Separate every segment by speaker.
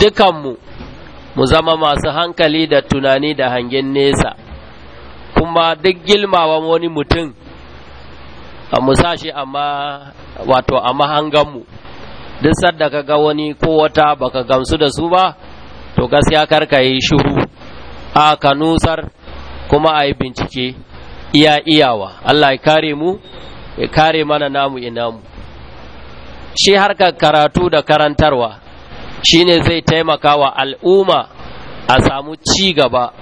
Speaker 1: dukanmu mu zama masu hankali da tunani da hangen nesa kuma duk gilmawa wani mutum a musashi amma wato a mahanganmu duk sadda ka ga wani ko wata baka gamsu da su ba to gaskiya karka yi shiru a ka nusar kuma a yi bincike iya iyawa Allah ya kare mu ya kare mana namu ina shi harkar karatu da karantarwa shine zai taimaka wa al'umma a samu ci gaba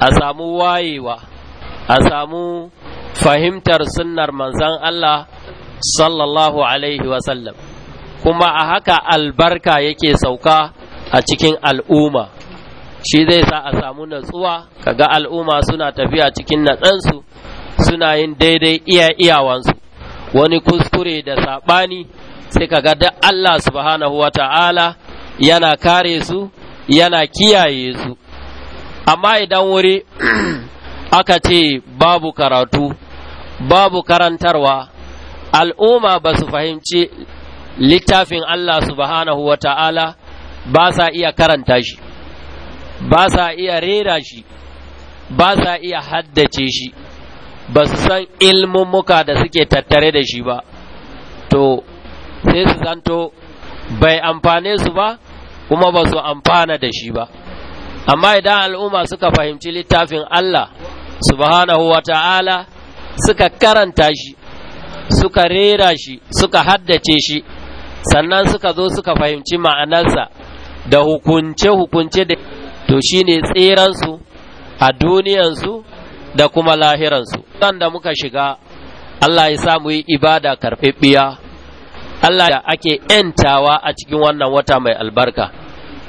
Speaker 1: a samu wayewa a samu fahimtar sunnar manzan Allah sallallahu alaihi wasallam kuma a haka albarka yake sauka a cikin al'umma shi zai sa a samu natsuwa kaga al'umma suna tafiya cikin natsansu suna yin daidai iya iyawansu wani kuskure da saɓani sai kaga da Allah subhanahu wa ta'ala yana kare su yana kiyaye su amma idan wuri aka ce babu karatu babu karantarwa al'umma ba su fahimci littafin Allah subhanahu wa ta'ala ba sa iya karanta shi ba sa iya rera shi ba sa iya haddace shi ba su san ilmummuka da suke tattare da shi ba to sai su zanto bai amfane su ba kuma ba su amfana da shi ba amma idan al'umma suka fahimci littafin Allah subhanahu wa ta'ala suka karanta shi suka rera shi suka haddace shi sannan suka zo suka fahimci ma'anarsa da hukunce-hukunce da to shine tsiransu a duniyansu da kuma lahiransu. da muka shiga Allah ya sa mu yi ibada karɓaɓɓiya Allah da ake ‘yantawa a cikin wannan wata mai albarka,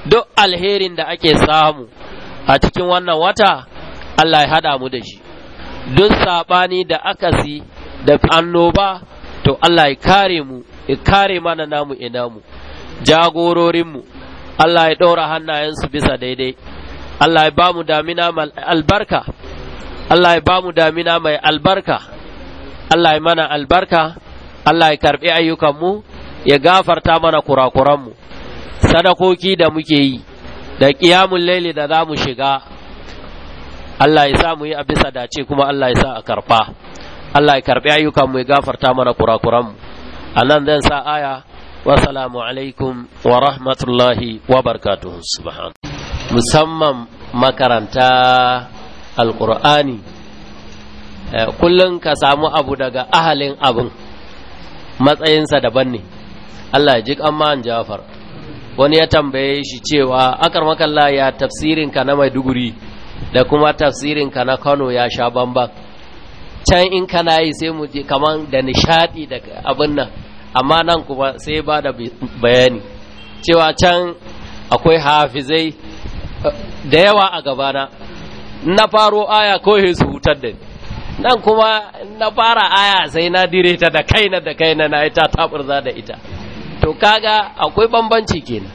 Speaker 1: duk alherin da ake samu a cikin wannan wata, Allah ya haɗa mu da shi, duk saɓani da akasi da annoba, to Allah ya kare mu, ya kare mana namu ina mu, jagororinmu, Allah ya ɗora hannayensu bisa daidai, Allah ya ba mu damina mai albarka, Allah ya ba mu damina mai albarka, Allah ya mana albarka. Allah ya karɓi ayyukanmu, ya gafarta mana kurakuranmu sadakoki da muke yi da ƙiyamun laili da za mu shiga Allah ya sa mu yi a bisa dace kuma Allah ya sa a karɓa Allah ya karɓi ayyukanmu ya gafarta mana kurakuranmu a nan zan sa aya wasalamu alaikum wa rahmatullahi wa barkatuhu subhan musamman makaranta alƙur'ani eh, kullum ka samu abu daga ahalin abin matsayinsa daban ne Allah ya ji an Jafar wani ya tambaye shi cewa akar makalla ya tafsirin ka na Maiduguri da kuma tafsirin ka na Kano ya sha bamban can in kana yi sai mu je kaman da nishadi da abin nan amma nan kuma sai ba da bayani cewa can akwai hafizai eh, da yawa a gabana na faro aya ko su hutar da nan kuma na fara aya sai na direta da kaina da kaina na ita taburza da ita to kaga akwai bambanci kenan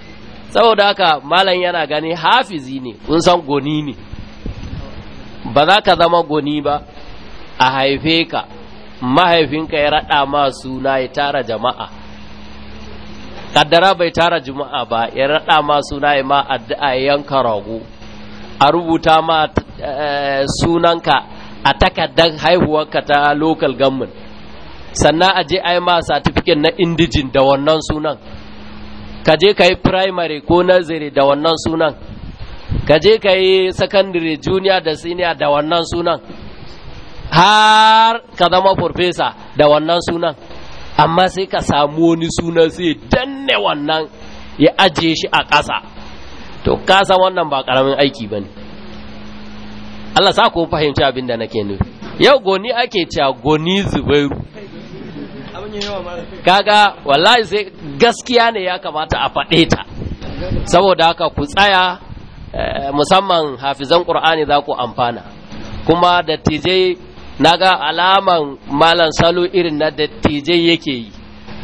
Speaker 1: saboda haka malam yana gani hafizi ne kun san goni ne ba za ka zama goni ba a haife ka mahaifinka ya raɗa ma suna ya tara jama'a kaddara bai tara jama'a ba ya raɗa ma suna ya ma addu'a ya yanka rago a rubuta ma eh, sunanka a takardar haihuwarka ta local government sannan a je ai ma certificate na indijin da wannan sunan ka je ka yi primary ko nursery da wannan sunan ka je ka yi secondary junior da senior da wannan sunan har ka zama professor da wannan sunan amma sai ka samu wani sunan sai danne wannan ya ajiye shi a ƙasa to kasa wannan ba ƙaramin aiki ba ne Allah sa ku fahimci abin da nake nufi yau goni ake cewa goni zubairu kaga wallahi sai gaskiya ne ya kamata a faɗe ta saboda haka ku tsaya eh, musamman hafizan ƙur'ani za ku amfana kuma dattijai na ga alaman malan salo irin na dattijai yake yi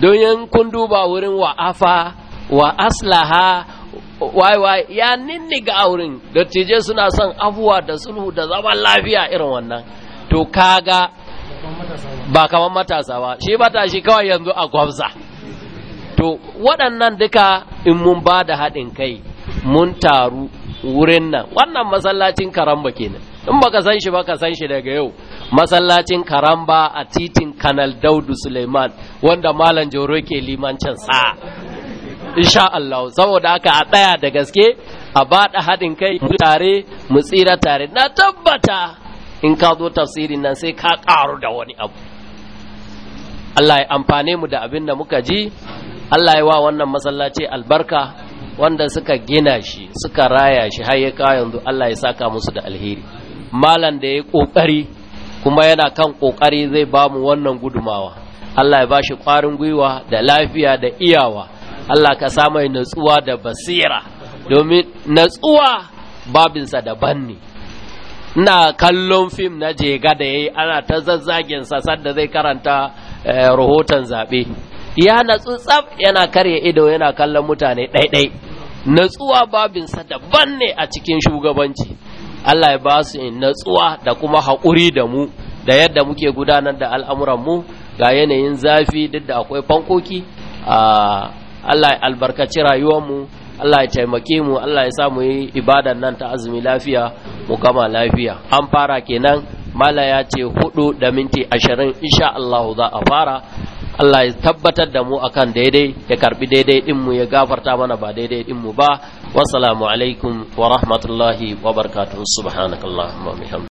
Speaker 1: don yin kun duba wurin wa'afa wa aslaha waiwai ya ninni ninniga aurin dattijai suna son abuwa da sulhu da zaman lafiya irin wannan to kaga ba kamar matasa ba shi matashi kawai yanzu a gwamza to waɗannan duka in mun ba da haɗin kai mun taru wurin nan wannan masallacin karamba kenan in ka san shi ka san shi daga yau masallacin karamba a titin kanal daudu suleiman wanda malam joro ke limancin sa insha Allah saboda haka a tsaya da gaske a bada haɗin kai mu tare mu tsira tare na tabbata in ka zo tafsirin nan sai ka ƙaru da wani abu Allah ya amfane mu da abin da muka ji Allah ya wa wannan masallaci albarka wanda suka gina shi suka raya shi har ya kawo yanzu Allah ya saka musu da alheri malam da ya kokari kuma yana kan kokari zai ba mu wannan gudumawa Allah ya ba shi kwarin gwiwa da lafiya da iyawa Allah ka sa mai natsuwa da basira domin natsuwa babinsa daban ne na kallon fim na jega da ya yi ana ta zazzagen sassan da zai karanta eh, rahoton zaɓe. ya natsu tsaf yana karya ido yana kallon mutane ɗaiɗai natsuwa babinsa daban ne a cikin shugabanci Allah ya ba su natsuwa da kuma haƙuri da mu da yadda muke gudanar da al'amuranmu ga yanayin zafi duk da akwai fankoki ah, Allah ya albarkaci rayuwarmu Allah ya taimake mu Allah ya sa mu yi ibadan nan ta azumi lafiya mu gama lafiya an fara kenan mala ya ce hudu da minti ashirin insha Allah za a fara Allah ya tabbatar da mu akan daidai ya karbi daidai din mu ya gafarta mana ba daidai din mu ba wassalamu alaikum wa rahmatullahi wa barakatuhu subhanakallahumma